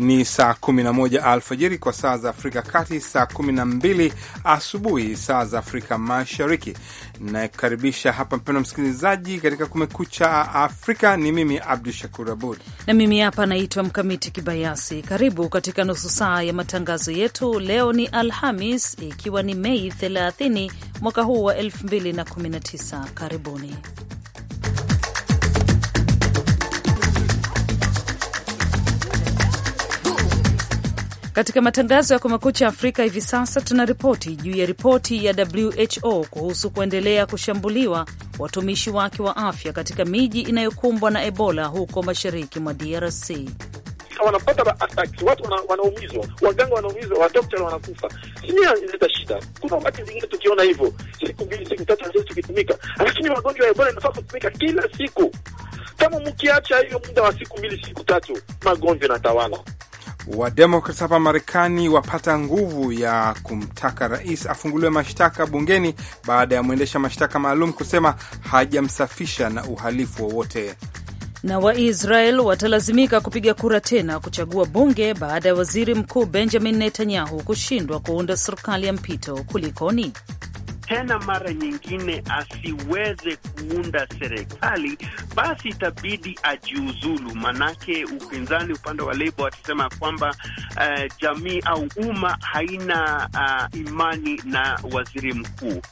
ni saa 11 alfajiri kwa saa za Afrika Kati, saa 12 asubuhi saa za Afrika Mashariki. Nakaribisha hapa mpendwa msikilizaji, katika Kumekucha Afrika. Ni mimi Abdu Shakur Abud na mimi hapa naitwa Mkamiti Kibayasi. Karibu katika nusu saa ya matangazo yetu. Leo ni Alhamis, ikiwa ni Mei 30 mwaka huu wa 2019. Karibuni. Katika matangazo ya Kumekucha Afrika hivi sasa tuna ripoti juu ya ripoti ya WHO kuhusu kuendelea kushambuliwa watumishi wake wa afya katika miji inayokumbwa na Ebola huko mashariki mwa DRC. Wanapata attacks, watu wanaumizwa, waganga wanaumizwa, wadokta wanakufa. sini inaleta shida. Kuna wakati zingine tukiona hivyo siku mbili, siku tatu haziwezi tukitumika, lakini magonjwa ya Ebola inafaa kutumika kila siku. Kama mkiacha hiyo muda wa siku mbili, siku tatu, magonjwa natawala Wademokrat hapa Marekani wapata nguvu ya kumtaka rais afunguliwe mashtaka bungeni baada ya mwendesha mashtaka maalum kusema hajamsafisha na uhalifu wowote na Waisrael watalazimika kupiga kura tena kuchagua bunge baada ya waziri mkuu Benjamin Netanyahu kushindwa kuunda serikali ya mpito. Kulikoni? tena mara nyingine asiweze kuunda serikali, basi itabidi ajiuzulu. Manake upinzani upande wa Labour watasema kwamba uh, jamii au umma haina uh, imani na waziri mkuu.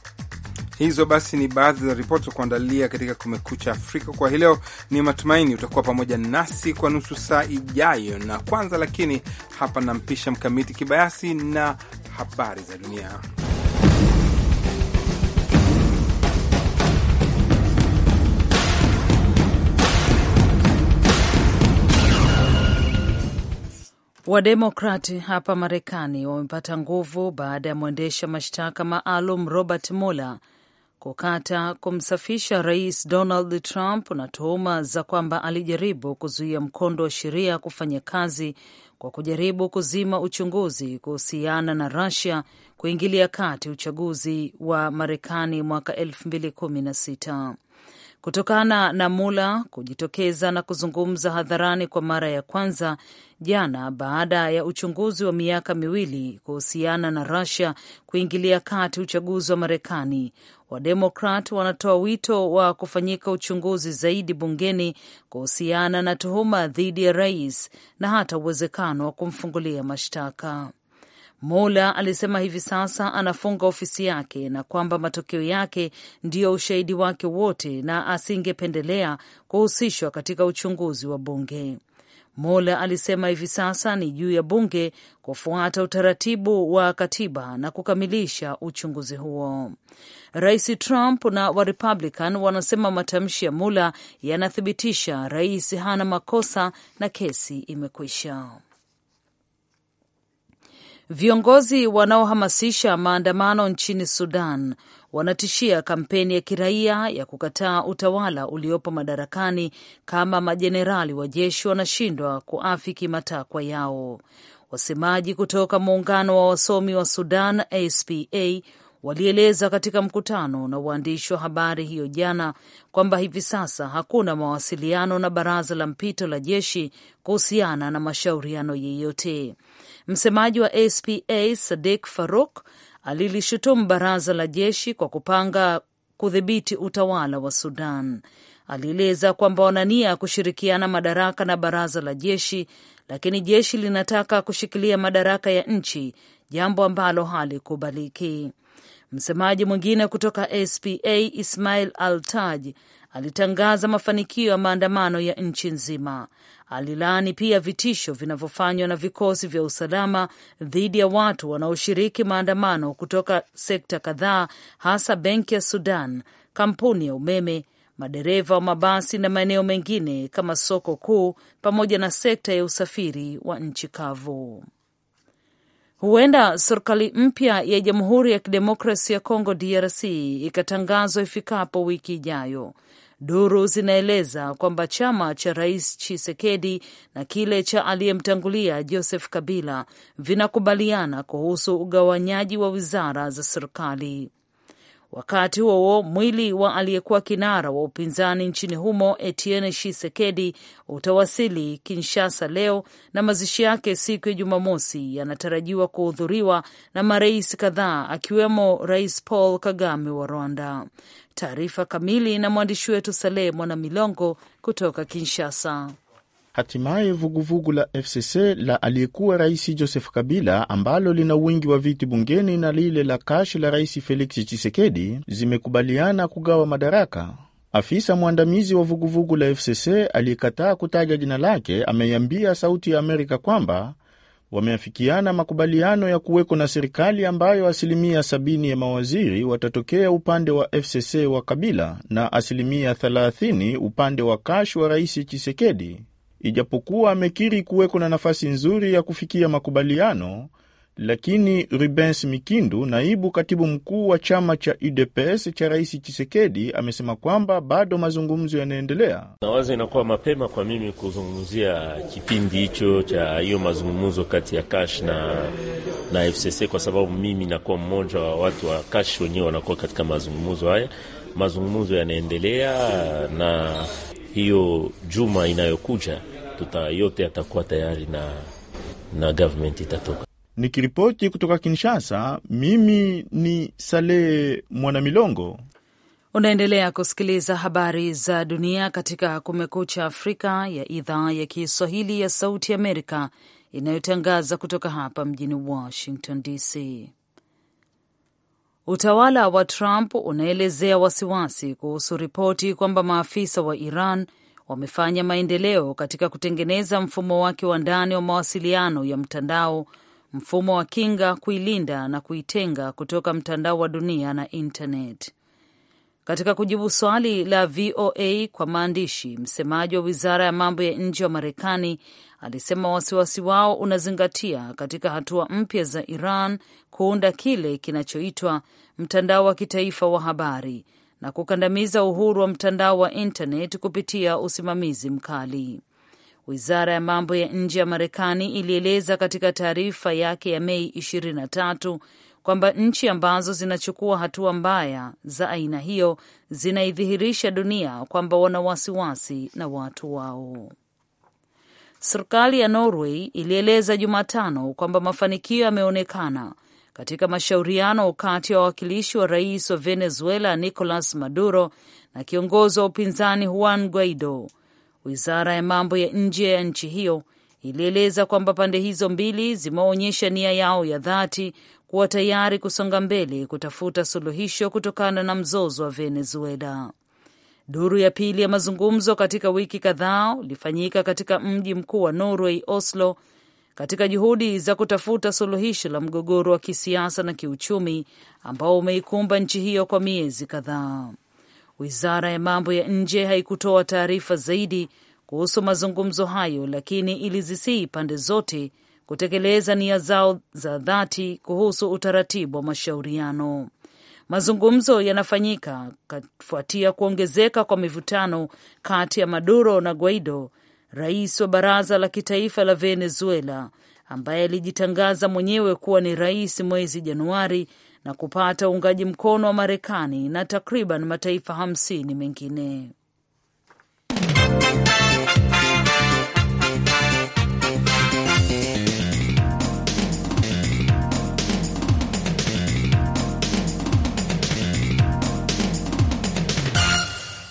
Hizo basi ni baadhi za ripoti za kuandalia katika Kumekucha Afrika kwa hii leo. Ni matumaini utakuwa pamoja nasi kwa nusu saa ijayo, na kwanza lakini hapa nampisha Mkamiti Kibayasi na habari za dunia. Wademokrati hapa Marekani wamepata nguvu baada ya mwendesha mashtaka maalum Robert Mueller kukata kumsafisha Rais Donald Trump na tuhuma za kwamba alijaribu kuzuia mkondo wa sheria kufanya kazi kwa kujaribu kuzima uchunguzi kuhusiana na Russia kuingilia kati uchaguzi wa Marekani mwaka 2016 kutokana na Mula kujitokeza na kuzungumza hadharani kwa mara ya kwanza jana baada ya uchunguzi wa miaka miwili kuhusiana na Russia kuingilia kati uchaguzi wa Marekani. Wademokrat wanatoa wito wa kufanyika uchunguzi zaidi bungeni kuhusiana na tuhuma dhidi ya rais na hata uwezekano wa kumfungulia mashtaka mula alisema hivi sasa anafunga ofisi yake na kwamba matokeo yake ndiyo ushahidi wake wote na asingependelea kuhusishwa katika uchunguzi wa bunge. Mula alisema hivi sasa ni juu ya bunge kufuata utaratibu wa katiba na kukamilisha uchunguzi huo. Rais Trump na Warepublican wanasema matamshi ya mula yanathibitisha rais hana makosa na kesi imekwisha. Viongozi wanaohamasisha maandamano nchini Sudan wanatishia kampeni ya kiraia ya kukataa utawala uliopo madarakani kama majenerali wa jeshi wanashindwa kuafiki matakwa yao. Wasemaji kutoka muungano wa wasomi wa Sudan, SPA, walieleza katika mkutano na waandishi wa habari hiyo jana kwamba hivi sasa hakuna mawasiliano na baraza la mpito la jeshi kuhusiana na mashauriano yeyote. Msemaji wa SPA Sadik Faruk alilishutumu baraza la jeshi kwa kupanga kudhibiti utawala wa Sudan. Alieleza kwamba wana nia ya kushirikiana madaraka na baraza la jeshi, lakini jeshi linataka kushikilia madaraka ya nchi, jambo ambalo halikubaliki. Msemaji mwingine kutoka SPA Ismail Altaj alitangaza mafanikio ya maandamano ya nchi nzima. Alilaani pia vitisho vinavyofanywa na vikosi vya usalama dhidi ya watu wanaoshiriki maandamano kutoka sekta kadhaa, hasa benki ya Sudan, kampuni ya umeme, madereva wa mabasi na maeneo mengine kama soko kuu, pamoja na sekta ya usafiri wa nchi kavu. Huenda serikali mpya ya Jamhuri ya Kidemokrasi ya Kongo DRC ikatangazwa ifikapo wiki ijayo. Duru zinaeleza kwamba chama cha Rais Chisekedi na kile cha aliyemtangulia Joseph Kabila vinakubaliana kuhusu ugawanyaji wa wizara za serikali. Wakati huo huo, mwili wa aliyekuwa kinara wa upinzani nchini humo Etienne Tshisekedi utawasili Kinshasa leo na mazishi yake siku ya Jumamosi yanatarajiwa kuhudhuriwa na marais kadhaa akiwemo Rais Paul Kagame wa Rwanda. Taarifa kamili na mwandishi wetu Saleh Mwana Milongo kutoka Kinshasa. Hatimaye vuguvugu la FCC la aliyekuwa rais Joseph Kabila ambalo lina wingi wa viti bungeni na lile la Kashi la rais Felix Tshisekedi zimekubaliana kugawa madaraka. Afisa mwandamizi wa vuguvugu la FCC aliyekataa kutaja jina lake ameiambia Sauti ya Amerika kwamba wameafikiana makubaliano ya kuweko na serikali ambayo asilimia 70 ya mawaziri watatokea upande wa FCC wa Kabila na asilimia 30 upande wa Kashi wa rais Tshisekedi. Ijapokuwa amekiri kuweko na nafasi nzuri ya kufikia makubaliano, lakini Rubens Mikindu, naibu katibu mkuu wa chama cha UDPS cha Rais Chisekedi, amesema kwamba bado mazungumzo yanaendelea. Nawaza inakuwa mapema kwa mimi kuzungumzia kipindi hicho cha hiyo mazungumzo kati ya Kash na, na FCC kwa sababu mimi nakuwa mmoja wa watu wa Kash wenyewe wanakuwa katika mazungumzo haya. Mazungumzo yanaendelea na hiyo juma inayokuja tuta yote atakuwa tayari na, na government itatoka. Nikiripoti kutoka Kinshasa, mimi ni salehe Mwanamilongo. Unaendelea kusikiliza habari za dunia katika Kumekucha Afrika ya idhaa ya Kiswahili ya Sauti Amerika inayotangaza kutoka hapa mjini Washington DC. Utawala wa Trump unaelezea wasiwasi kuhusu ripoti kwamba maafisa wa Iran wamefanya maendeleo katika kutengeneza mfumo wake wa ndani wa mawasiliano ya mtandao, mfumo wa kinga kuilinda na kuitenga kutoka mtandao wa dunia na intanet. Katika kujibu swali la VOA kwa maandishi, msemaji wa wizara ya mambo ya nje wa Marekani alisema wasiwasi wao unazingatia katika hatua mpya za Iran kuunda kile kinachoitwa mtandao wa kitaifa wa habari na kukandamiza uhuru wa mtandao wa intanet kupitia usimamizi mkali. Wizara ya mambo ya nje ya Marekani ilieleza katika taarifa yake ya Mei kwamba nchi ambazo zinachukua hatua mbaya za aina hiyo zinaidhihirisha dunia kwamba wana wasiwasi na watu wao. Serikali ya Norway ilieleza Jumatano kwamba mafanikio yameonekana katika mashauriano kati ya wawakilishi wa rais wa Venezuela Nicolas Maduro na kiongozi wa upinzani Juan Guaido. Wizara ya mambo ya nje ya nchi hiyo ilieleza kwamba pande hizo mbili zimeonyesha nia yao ya dhati kuwa tayari kusonga mbele kutafuta suluhisho kutokana na mzozo wa Venezuela. Duru ya pili ya mazungumzo katika wiki kadhaa ulifanyika katika mji mkuu wa Norway, Oslo, katika juhudi za kutafuta suluhisho la mgogoro wa kisiasa na kiuchumi ambao umeikumba nchi hiyo kwa miezi kadhaa. Wizara ya mambo ya nje haikutoa taarifa zaidi kuhusu mazungumzo hayo, lakini ilizisihi pande zote kutekeleza nia zao za dhati kuhusu utaratibu wa mashauriano. Mazungumzo yanafanyika kufuatia kuongezeka kwa mivutano kati ya Maduro na Guaido, rais wa baraza la kitaifa la Venezuela ambaye alijitangaza mwenyewe kuwa ni rais mwezi Januari na kupata uungaji mkono wa Marekani na takriban mataifa hamsini mengine.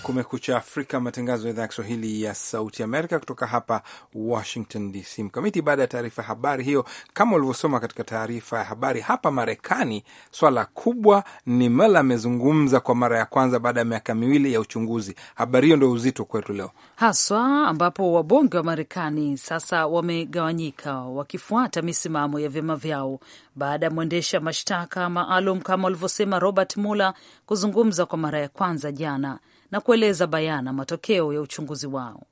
Kumekucha Afrika, matangazo ya idhaa ya Kiswahili ya Sauti Amerika kutoka hapa Washington DC. Mkamiti, baada ya taarifa ya habari hiyo, kama ulivyosoma katika taarifa ya habari, hapa Marekani swala kubwa ni Mela amezungumza kwa mara ya kwanza baada ya miaka miwili ya uchunguzi. Habari hiyo ndio uzito kwetu leo haswa, ambapo wabunge wa Marekani sasa wamegawanyika wakifuata misimamo ya vyama vyao baada ya mwendesha mashtaka maalum kama walivyosema Robert Mueller kuzungumza kwa mara ya kwanza jana na kueleza bayana matokeo ya uchunguzi wao.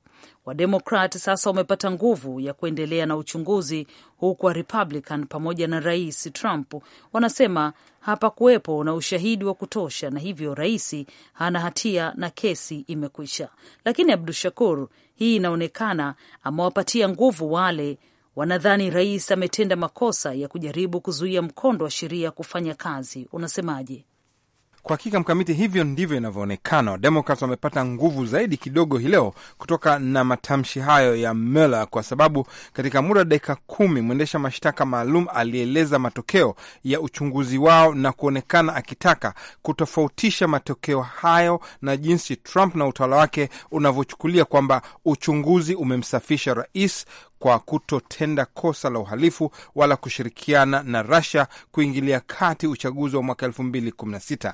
Wademokrat sasa wamepata nguvu ya kuendelea na uchunguzi, huku wa Republican pamoja na Rais Trump wanasema hapa kuwepo na ushahidi wa kutosha, na hivyo rais hana hatia na kesi imekwisha. Lakini Abdu Shakur, hii inaonekana amewapatia nguvu wale wanadhani rais ametenda makosa ya kujaribu kuzuia mkondo wa sheria kufanya kazi. Unasemaje? Kwa hakika mkamiti, hivyo ndivyo inavyoonekana. Wademokrat wamepata nguvu zaidi kidogo hii leo kutoka na matamshi hayo ya Mueller, kwa sababu katika muda wa dakika kumi mwendesha mashtaka maalum alieleza matokeo ya uchunguzi wao na kuonekana akitaka kutofautisha matokeo hayo na jinsi Trump na utawala wake unavyochukulia kwamba uchunguzi umemsafisha rais kwa kutotenda kosa la uhalifu wala kushirikiana na Russia kuingilia kati uchaguzi wa mwaka 2016.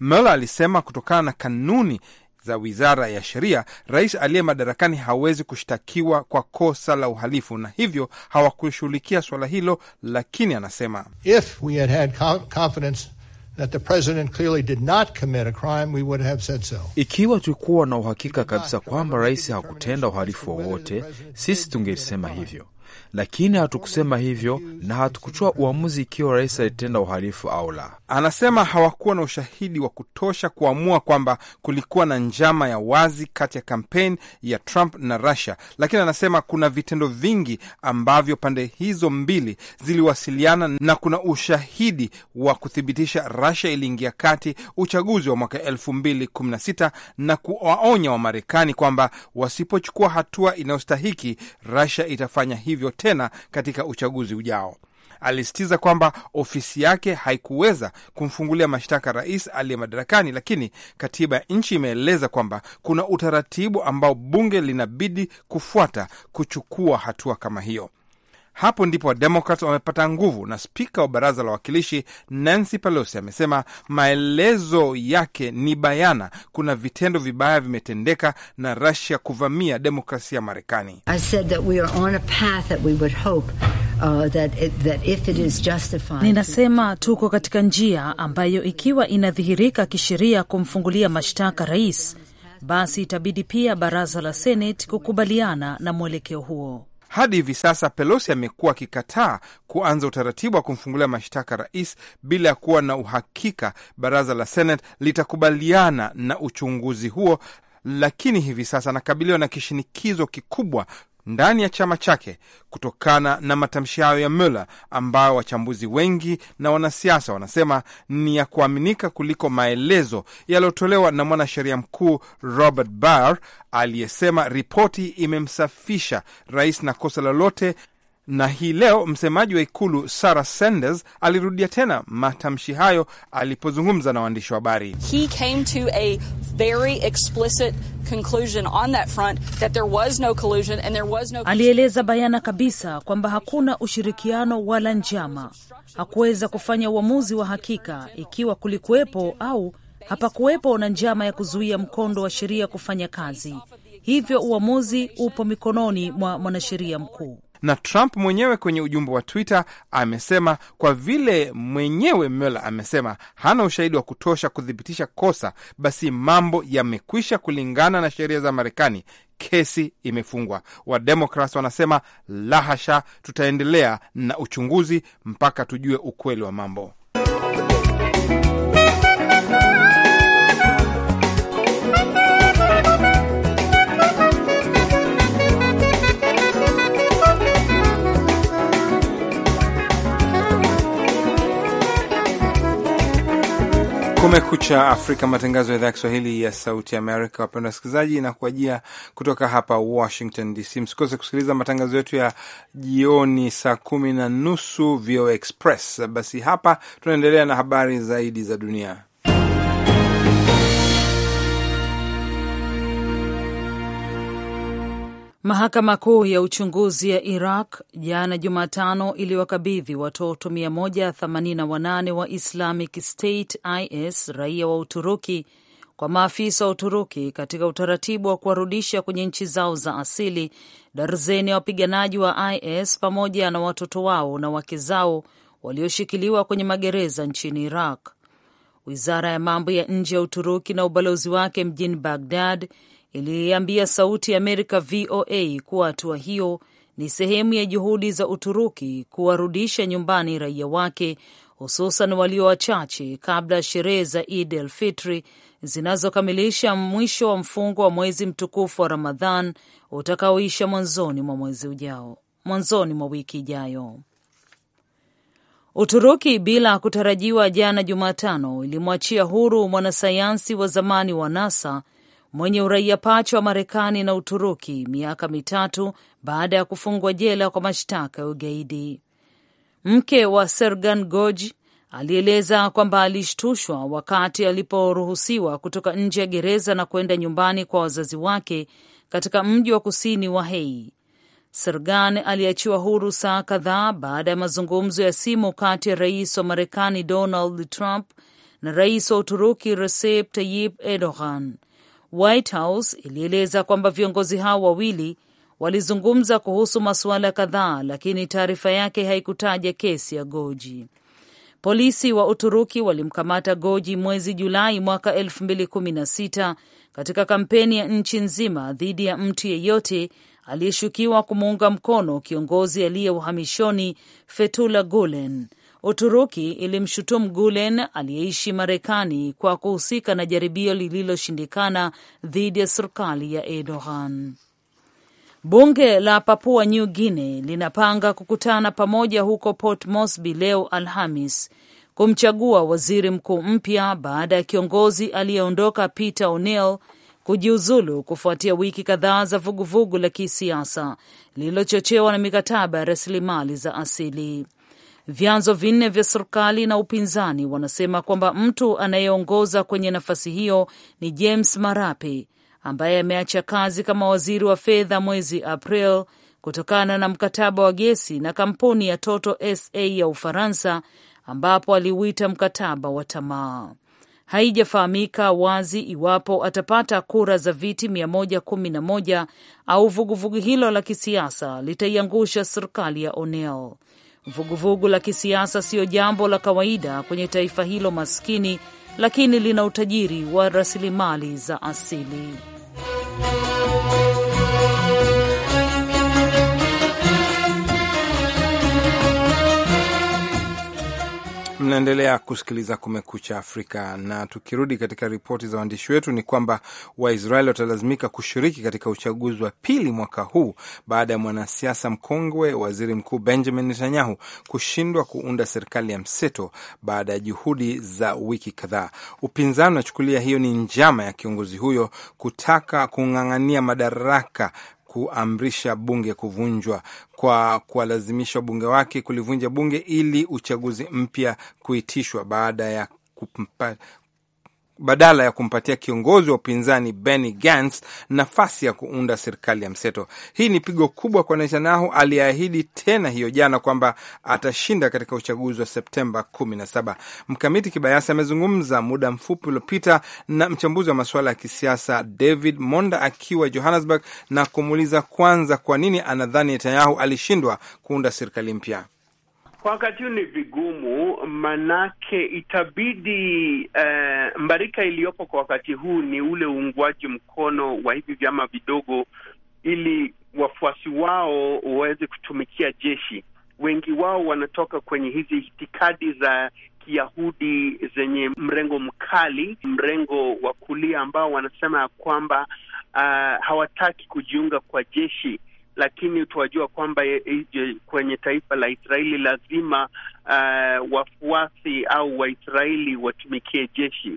Mueller alisema kutokana na kanuni za wizara ya sheria, rais aliye madarakani hawezi kushtakiwa kwa kosa la uhalifu, na hivyo hawakushughulikia suala hilo, lakini anasema If we had had confidence that the president clearly did not commit a crime, we would have said so. Ikiwa tulikuwa na uhakika kabisa kwamba rais hakutenda uhalifu wowote, sisi tungelisema hivyo lakini hatukusema hivyo na hatukuchua uamuzi ikiwa rais alitenda uhalifu au la. Anasema hawakuwa na ushahidi wa kutosha kuamua kwamba kulikuwa na njama ya wazi kati ya kampeni ya Trump na Russia, lakini anasema kuna vitendo vingi ambavyo pande hizo mbili ziliwasiliana na kuna ushahidi wa kuthibitisha Russia iliingia kati uchaguzi wa mwaka 2016 na kuwaonya Wamarekani kwamba wasipochukua hatua inayostahiki Russia itafanya hivyo tena katika uchaguzi ujao. Alisitiza kwamba ofisi yake haikuweza kumfungulia mashtaka rais aliye madarakani, lakini katiba ya nchi imeeleza kwamba kuna utaratibu ambao bunge linabidi kufuata kuchukua hatua kama hiyo. Hapo ndipo Wademokrat wamepata nguvu, na spika wa baraza la wawakilishi Nancy Pelosi amesema maelezo yake ni bayana, kuna vitendo vibaya vimetendeka na rasia kuvamia demokrasia ya Marekani. Uh, Ninasema tuko katika njia ambayo ikiwa inadhihirika kisheria kumfungulia mashtaka rais, basi itabidi pia baraza la Seneti kukubaliana na mwelekeo huo. Hadi hivi sasa Pelosi amekuwa akikataa kuanza utaratibu wa kumfungulia mashtaka rais bila ya kuwa na uhakika baraza la Senate litakubaliana na uchunguzi huo, lakini hivi sasa anakabiliwa na kishinikizo kikubwa ndani ya chama chake kutokana na matamshi hayo ya Mueller ambayo wachambuzi wengi na wanasiasa wanasema ni ya kuaminika kuliko maelezo yaliyotolewa na mwanasheria mkuu Robert Barr aliyesema ripoti imemsafisha rais na kosa lolote na hii leo msemaji wa ikulu Sarah Sanders alirudia tena matamshi hayo alipozungumza na waandishi wa habari. Alieleza bayana kabisa kwamba hakuna ushirikiano wala njama. Hakuweza kufanya uamuzi wa hakika ikiwa kulikuwepo au hapakuwepo na njama ya kuzuia mkondo wa sheria kufanya kazi. Hivyo uamuzi upo mikononi mwa mwanasheria mkuu na Trump mwenyewe kwenye ujumbe wa Twitter amesema kwa vile mwenyewe Mueller amesema hana ushahidi wa kutosha kuthibitisha kosa, basi mambo yamekwisha kulingana na sheria za Marekani. Kesi imefungwa. wademokra wanasema la hasha, tutaendelea na uchunguzi mpaka tujue ukweli wa mambo. Kumekucha Afrika, matangazo ya idhaa ya Kiswahili ya Sauti Amerika. wapenda wasikilizaji, na kuajia kutoka hapa Washington DC. Msikose kusikiliza matangazo yetu ya jioni saa kumi na nusu VOA Express. Basi hapa tunaendelea na habari zaidi za dunia. Mahakama Kuu ya uchunguzi ya Iraq jana Jumatano iliwakabidhi watoto 188 wa Islamic State IS raia wa Uturuki kwa maafisa wa Uturuki katika utaratibu wa kuwarudisha kwenye nchi zao za asili darzeni ya wapiganaji wa IS pamoja na watoto wao na wake zao walioshikiliwa kwenye magereza nchini Iraq. Wizara ya mambo ya nje ya Uturuki na ubalozi wake mjini Bagdad iliambia Sauti ya Amerika VOA kuwa hatua hiyo ni sehemu ya juhudi za Uturuki kuwarudisha nyumbani raia wake hususan walio wachache kabla ya sherehe za Id el Fitri zinazokamilisha mwisho wa mfungo wa mwezi mtukufu wa Ramadhan utakaoisha mwanzoni mwa mwezi ujao, mwanzoni mwa wiki ijayo. Uturuki bila kutarajiwa, jana Jumatano, ilimwachia huru mwanasayansi wa zamani wa NASA mwenye uraia pacha wa Marekani na Uturuki miaka mitatu baada ya kufungwa jela kwa mashtaka ya ugaidi. Mke wa Sergan goj alieleza kwamba alishtushwa wakati aliporuhusiwa kutoka nje ya gereza na kwenda nyumbani kwa wazazi wake katika mji wa kusini wa Hei. Sergan aliachiwa huru saa kadhaa baada ya mazungumzo ya simu kati ya rais wa Marekani Donald Trump na rais wa Uturuki Recep Tayyip Erdogan. White House ilieleza kwamba viongozi hao wawili walizungumza kuhusu masuala kadhaa, lakini taarifa yake haikutaja kesi ya Goji. Polisi wa Uturuki walimkamata Goji mwezi Julai mwaka 2016 katika kampeni ya nchi nzima dhidi ya mtu yeyote aliyeshukiwa kumuunga mkono kiongozi aliye uhamishoni Fethullah Gulen. Uturuki ilimshutumu Gulen aliyeishi Marekani kwa kuhusika na jaribio lililoshindikana dhidi ya serikali ya Erdogan. Bunge la Papua New Guinea linapanga kukutana pamoja huko Port Moresby leo Alhamis kumchagua waziri mkuu mpya baada ya kiongozi aliyeondoka Peter O'Neill kujiuzulu kufuatia wiki kadhaa za vuguvugu la kisiasa lililochochewa na mikataba ya rasilimali za asili. Vyanzo vinne vya serikali na upinzani wanasema kwamba mtu anayeongoza kwenye nafasi hiyo ni James Marape ambaye ameacha kazi kama waziri wa fedha mwezi April kutokana na mkataba wa gesi na kampuni ya Total SA ya Ufaransa, ambapo aliuita mkataba wa tamaa. Haijafahamika wazi iwapo atapata kura za viti 111 au vuguvugu hilo la kisiasa litaiangusha serikali ya O'Neill. Vuguvugu la kisiasa siyo jambo la kawaida kwenye taifa hilo maskini, lakini lina utajiri wa rasilimali za asili. Mnaendelea kusikiliza Kumekucha Afrika, na tukirudi katika ripoti za waandishi wetu ni kwamba Waisraeli watalazimika kushiriki katika uchaguzi wa pili mwaka huu baada ya mwanasiasa mkongwe, waziri mkuu Benjamin Netanyahu, kushindwa kuunda serikali ya mseto baada ya juhudi za wiki kadhaa. Upinzani unachukulia hiyo ni njama ya kiongozi huyo kutaka kung'ang'ania madaraka kuamrisha bunge kuvunjwa kwa kuwalazimisha wabunge wake kulivunja bunge ili uchaguzi mpya kuitishwa baada ya badala ya kumpatia kiongozi wa upinzani Benny Gantz nafasi ya kuunda serikali ya mseto. Hii ni pigo kubwa kwa Netanyahu aliyeahidi tena hiyo jana kwamba atashinda katika uchaguzi wa Septemba 17. Mkamiti Kibayasi amezungumza muda mfupi uliopita na mchambuzi wa masuala ya kisiasa David Monda akiwa Johannesburg na kumuuliza kwanza kwa nini anadhani Netanyahu alishindwa kuunda serikali mpya. Kwa wakati huu ni vigumu, manake itabidi uh, mbarika iliyopo kwa wakati huu ni ule uungwaji mkono wa hivi vyama vidogo, ili wafuasi wao waweze kutumikia jeshi. Wengi wao wanatoka kwenye hizi itikadi za Kiyahudi zenye mrengo mkali, mrengo wa kulia ambao wanasema ya kwamba uh, hawataki kujiunga kwa jeshi lakini tuwajua kwamba kwenye taifa la Israeli lazima uh, wafuasi au Waisraeli watumikie jeshi.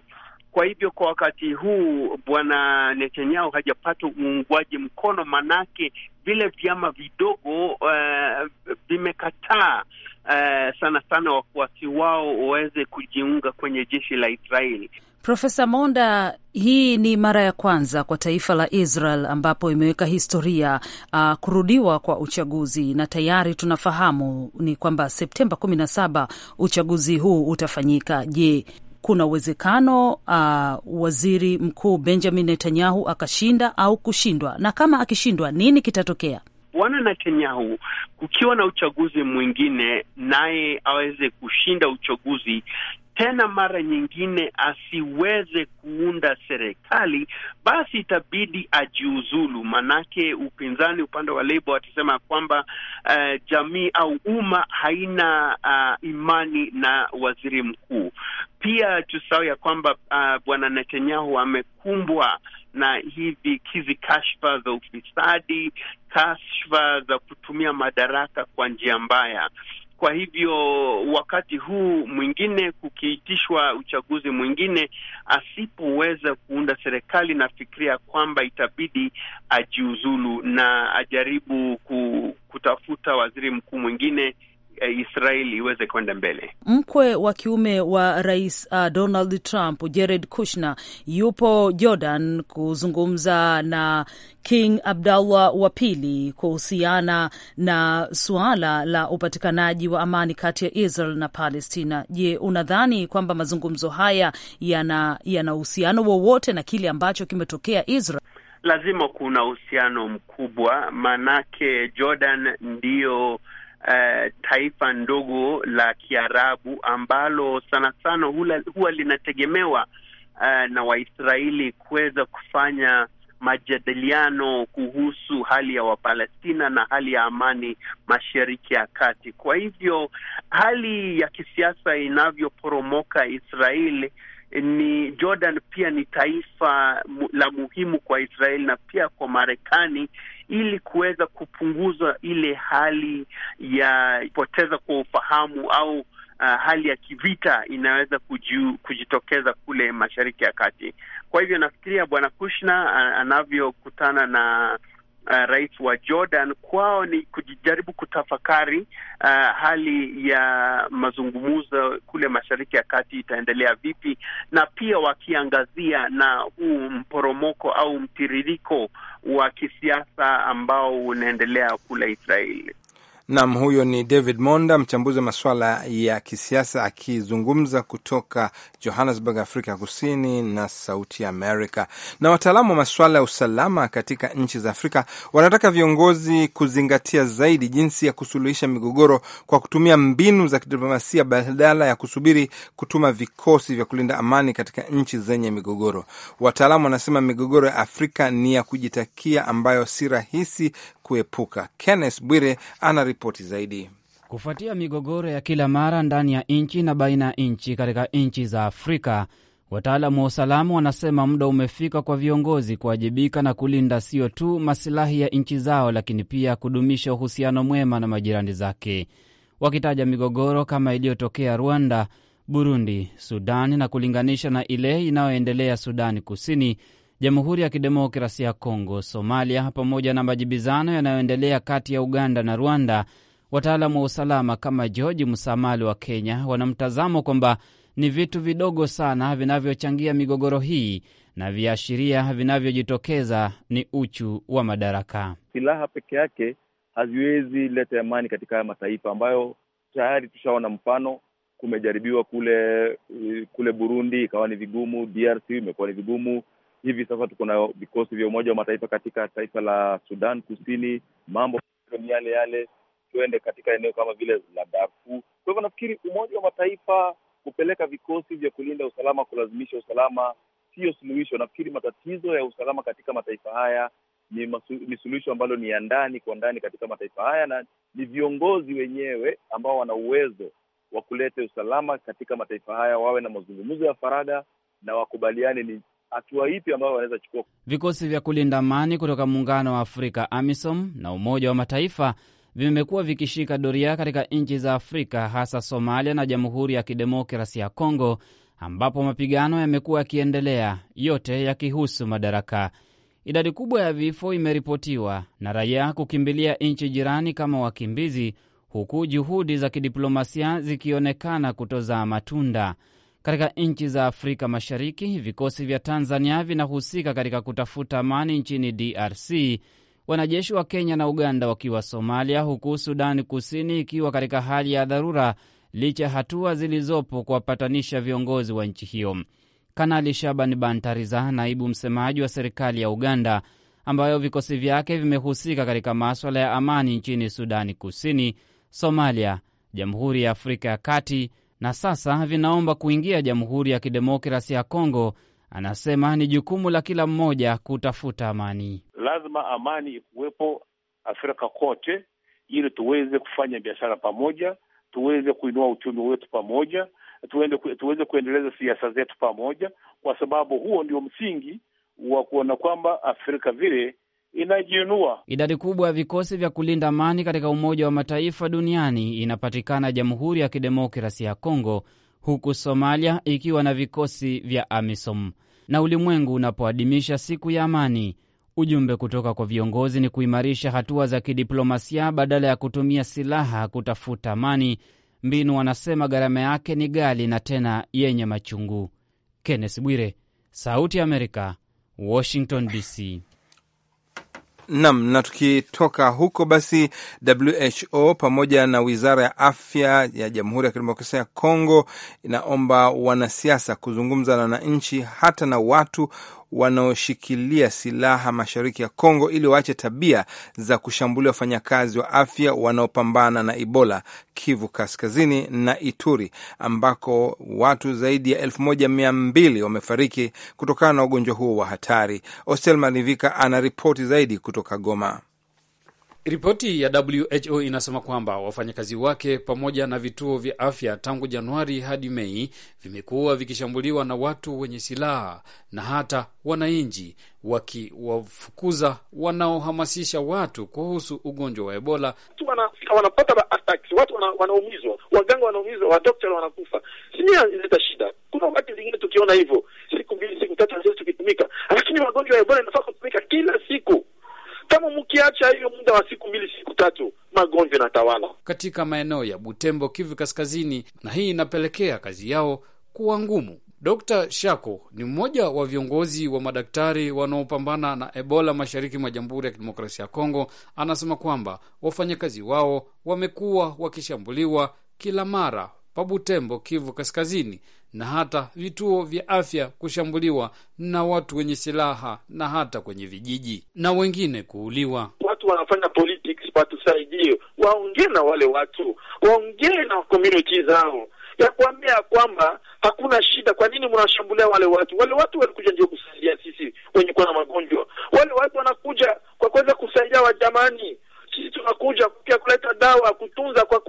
Kwa hivyo kwa wakati huu bwana Netanyahu hajapata uungwaji mkono, manake vile vyama vidogo uh, vimekataa uh, sana sana wafuasi wao waweze kujiunga kwenye jeshi la Israeli. Profesa Monda, hii ni mara ya kwanza kwa taifa la Israel ambapo imeweka historia uh, kurudiwa kwa uchaguzi, na tayari tunafahamu ni kwamba Septemba kumi uchaguzi huu utafanyika. Je, kuna uwezekano uh, waziri mkuu Benjamin Netanyahu akashinda au kushindwa? Na kama akishindwa, nini kitatokea? Bwana Netanyahu, kukiwa na uchaguzi mwingine, naye aweze kushinda uchaguzi, tena mara nyingine asiweze kuunda serikali, basi itabidi ajiuzulu. Manake upinzani upande wa Labour atasema kwamba uh, jamii au umma haina uh, imani na waziri mkuu. Pia tusahau ya kwamba uh, bwana Netanyahu amekumbwa na hivi hizi kashfa za ufisadi, kashfa za kutumia madaraka kwa njia mbaya. Kwa hivyo wakati huu mwingine kukiitishwa uchaguzi mwingine, asipoweza kuunda serikali, nafikiria kwamba itabidi ajiuzulu na ajaribu kutafuta waziri mkuu mwingine Eh, Israeli iweze kwenda mbele. Mkwe wa kiume wa rais uh, Donald Trump, Jared Kushner, yupo Jordan kuzungumza na King Abdullah wa pili kuhusiana na suala la upatikanaji wa amani kati ya Israel na Palestina. Je, unadhani kwamba mazungumzo haya yana yana uhusiano wowote na kile ambacho kimetokea Israel? Lazima kuna uhusiano mkubwa, maanake Jordan ndiyo uh, taifa ndogo la Kiarabu ambalo sana sana hula, huwa linategemewa uh, na Waisraeli kuweza kufanya majadiliano kuhusu hali ya Wapalestina na hali ya amani Mashariki ya Kati. Kwa hivyo hali ya kisiasa inavyoporomoka Israeli ni Jordan pia ni taifa la muhimu kwa israel na pia kwa Marekani ili kuweza kupunguza ile hali ya kupoteza kwa ufahamu au uh, hali ya kivita inaweza kuju, kujitokeza kule Mashariki ya Kati. Kwa hivyo nafikiria Bwana Kushna uh, anavyokutana na uh, rais wa Jordan kwao ni kujaribu kutafakari uh, hali ya mazungumzo kule Mashariki ya Kati itaendelea vipi, na pia wakiangazia na huu mporomoko au mtiririko wa kisiasa ambao unaendelea kule Israeli. Nam, huyo ni David Monda, mchambuzi wa masuala ya kisiasa akizungumza kutoka Johannesburg, Afrika Kusini, na Sauti ya Amerika. Na wataalamu wa masuala ya usalama katika nchi za Afrika wanataka viongozi kuzingatia zaidi jinsi ya kusuluhisha migogoro kwa kutumia mbinu za kidiplomasia badala ya kusubiri kutuma vikosi vya kulinda amani katika nchi zenye migogoro. Wataalamu wanasema migogoro ya Afrika ni ya kujitakia, ambayo si rahisi kuepuka. Kenneth Bwire ana ripoti zaidi. Kufuatia migogoro ya kila mara ndani ya nchi na baina ya nchi katika nchi za Afrika, wataalamu wa usalama wanasema muda umefika kwa viongozi kuwajibika na kulinda sio tu masilahi ya nchi zao, lakini pia kudumisha uhusiano mwema na majirani zake, wakitaja migogoro kama iliyotokea Rwanda, Burundi, Sudani na kulinganisha na ile inayoendelea Sudani Kusini Jamhuri ya Kidemokrasia ya Kongo, Somalia, pamoja na majibizano yanayoendelea kati ya Uganda na Rwanda, wataalamu wa usalama kama George Musamali wa Kenya wanamtazamo kwamba ni vitu vidogo sana vinavyochangia migogoro hii na viashiria vinavyojitokeza ni uchu wa madaraka. Silaha peke yake haziwezi leta amani katika haya mataifa ambayo tayari tushaona mfano, kumejaribiwa kule eh, kule Burundi ikawa ni vigumu, DRC imekuwa ni vigumu, hivi sasa tuko na vikosi vya Umoja wa Mataifa katika taifa la Sudan Kusini, mambo ni yale yale, tuende katika eneo kama vile la Darfur. Kwa hivyo nafikiri Umoja wa Mataifa kupeleka vikosi vya kulinda usalama, kulazimisha usalama siyo suluhisho. Nafikiri matatizo ya usalama katika mataifa haya ni, masu, ni suluhisho ambalo ni ya ndani kwa ndani katika mataifa haya, na ni viongozi wenyewe ambao wana uwezo wa kuleta usalama katika mataifa haya, wawe na mazungumzo ya faragha na wakubaliane ni hatua ipi ambayo wanaweza chukua. Vikosi vya kulinda amani kutoka muungano wa Afrika AMISOM na Umoja wa Mataifa vimekuwa vikishika doria katika nchi za Afrika, hasa Somalia na Jamhuri ya Kidemokrasi ya Kongo, ambapo mapigano yamekuwa yakiendelea, yote yakihusu madaraka. Idadi kubwa ya vifo imeripotiwa na raia kukimbilia nchi jirani kama wakimbizi, huku juhudi za kidiplomasia zikionekana kutozaa matunda. Katika nchi za Afrika Mashariki, vikosi vya Tanzania vinahusika katika kutafuta amani nchini DRC, wanajeshi wa Kenya na Uganda wakiwa Somalia, huku Sudani Kusini ikiwa katika hali ya dharura licha ya hatua zilizopo kuwapatanisha viongozi wa nchi hiyo. Kanali Shaban Bantariza, naibu msemaji wa serikali ya Uganda ambayo vikosi vyake vimehusika katika maswala ya amani nchini Sudani Kusini, Somalia, Jamhuri ya Afrika ya Kati, na sasa vinaomba kuingia Jamhuri ya Kidemokrasi ya Kongo. Anasema ni jukumu la kila mmoja kutafuta amani. Lazima amani ikuwepo Afrika kote, ili tuweze kufanya biashara pamoja, tuweze kuinua uchumi wetu pamoja, tuende, tuweze kuendeleza siasa zetu pamoja, kwa sababu huo ndio msingi wa kuona kwamba Afrika vile inajiinua. Idadi kubwa ya vikosi vya kulinda amani katika Umoja wa Mataifa duniani inapatikana Jamhuri ya kidemokrasi ya Kongo, huku Somalia ikiwa na vikosi vya AMISOM. Na ulimwengu unapoadhimisha siku ya amani, ujumbe kutoka kwa viongozi ni kuimarisha hatua za kidiplomasia badala ya kutumia silaha kutafuta amani, mbinu wanasema gharama yake ni ghali na tena yenye machungu. Kenneth Bwire, Sauti ya Amerika, Washington DC. Nam, na tukitoka huko basi, WHO pamoja na wizara ya afya ya Jamhuri ya Kidemokrasia ya Kongo inaomba wanasiasa kuzungumza na wananchi, hata na watu wanaoshikilia silaha mashariki ya Kongo ili waache tabia za kushambulia wafanyakazi wa afya wanaopambana na Ebola Kivu Kaskazini na Ituri ambako watu zaidi ya elfu moja mia mbili wamefariki kutokana na ugonjwa huo wa hatari. Ostel Malivika ana ripoti zaidi kutoka Goma. Ripoti ya WHO inasema kwamba wafanyakazi wake pamoja na vituo vya afya tangu Januari hadi Mei vimekuwa vikishambuliwa na watu wenye silaha na hata wananchi wakiwafukuza wanaohamasisha watu kuhusu ugonjwa wa Ebola. Watu wanapata attacks, watu wanaumizwa, waganga wanaumizwa, wadaktari wanakufa. katika maeneo ya Butembo, Kivu Kaskazini, na hii inapelekea kazi yao kuwa ngumu. Dr Shako ni mmoja wa viongozi wa madaktari wanaopambana na Ebola mashariki mwa Jamhuri ya Kidemokrasia ya Kongo. Anasema kwamba wafanyakazi wao wamekuwa wakishambuliwa kila mara pa Butembo, Kivu Kaskazini, na hata vituo vya afya kushambuliwa na watu wenye silaha na hata kwenye vijiji na wengine kuuliwa. Watu wanafanya politics watusaidie, waongee na wale watu, waongee na community zao ya kuambia ya kwamba hakuna shida. Kwa nini mnashambulia wale watu? Wale watu walikuja ndio kusaidia sisi wenye kuwa na magonjwa. Wale watu wanakuja kwa kuweza kusaidia wajamani, sisi tunakuja pia kuleta dawa, kutunza kwa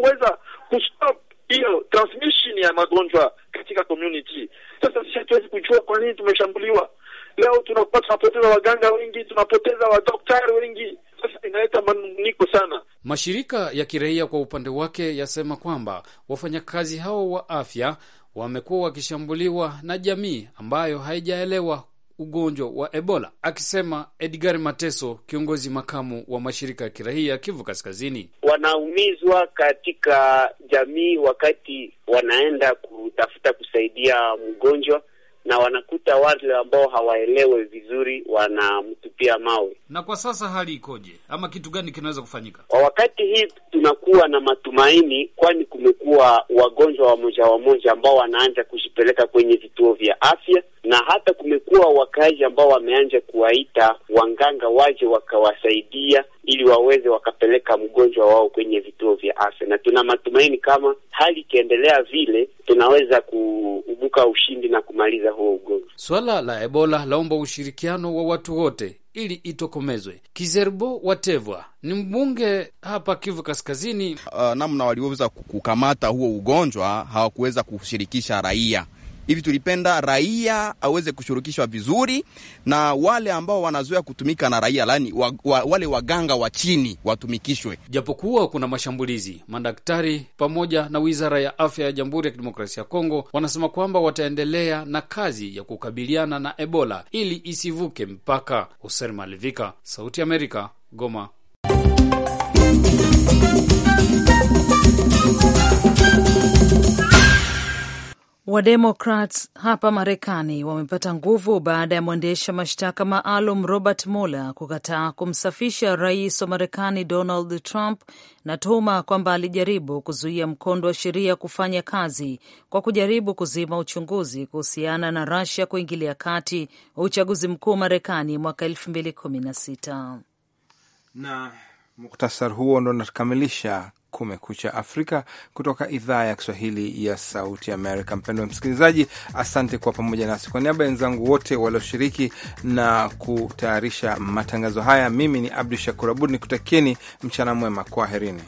Mashirika ya kiraia kwa upande wake yasema kwamba wafanyakazi hao wa afya wamekuwa wakishambuliwa na jamii ambayo haijaelewa ugonjwa wa Ebola, akisema Edgar Mateso, kiongozi makamu wa mashirika ya kiraia Kivu Kaskazini. Wanaumizwa katika jamii wakati wanaenda kutafuta kusaidia mgonjwa na wanakuta wale ambao hawaelewe vizuri wanamtupia mawe. Na kwa sasa hali ikoje, ama kitu gani kinaweza kufanyika kwa wakati hii? Tunakuwa na matumaini, kwani kumekuwa wagonjwa wamoja wamoja ambao wanaanza kujipeleka kwenye vituo vya afya na hata kumekuwa wakaaji ambao wameanja kuwaita wanganga waje wakawasaidia ili waweze wakapeleka mgonjwa wao kwenye vituo vya afya, na tuna matumaini kama hali ikiendelea vile tunaweza kuubuka ushindi na kumaliza huo ugonjwa. Swala la Ebola laomba ushirikiano wa watu wote ili itokomezwe. Kizerbo Watevwa ni mbunge hapa Kivu Kaskazini. Uh, namna waliweza kukamata huo ugonjwa hawakuweza kushirikisha raia hivi tulipenda raia aweze kushurukishwa vizuri, na wale ambao wanazoea kutumika na raia lani wa, wa, wale waganga wa chini watumikishwe. Japokuwa kuna mashambulizi, madaktari pamoja na wizara ya afya ya Jamhuri ya Kidemokrasia ya Kongo wanasema kwamba wataendelea na kazi ya kukabiliana na Ebola ili isivuke mpaka. Hoser Malivika, Sauti Amerika, Goma. Wademokrats hapa Marekani wamepata nguvu baada ya mwendesha mashtaka maalum Robert Mueller kukataa kumsafisha rais wa Marekani Donald Trump na tuhuma kwamba alijaribu kuzuia mkondo wa sheria kufanya kazi kwa kujaribu kuzima uchunguzi kuhusiana na rasia kuingilia kati uchaguzi mkuu Marekani mwaka 216 na muktasar huo ndo unakamilisha Kumekucha Afrika kutoka idhaa ya Kiswahili ya Sauti Amerika. Mpendwa msikilizaji, asante kwa pamoja nasi. Kwa niaba ya wenzangu wote walioshiriki na kutayarisha matangazo haya, mimi ni Abdu Shakur Abud nikutakieni mchana mwema. Kwaherini.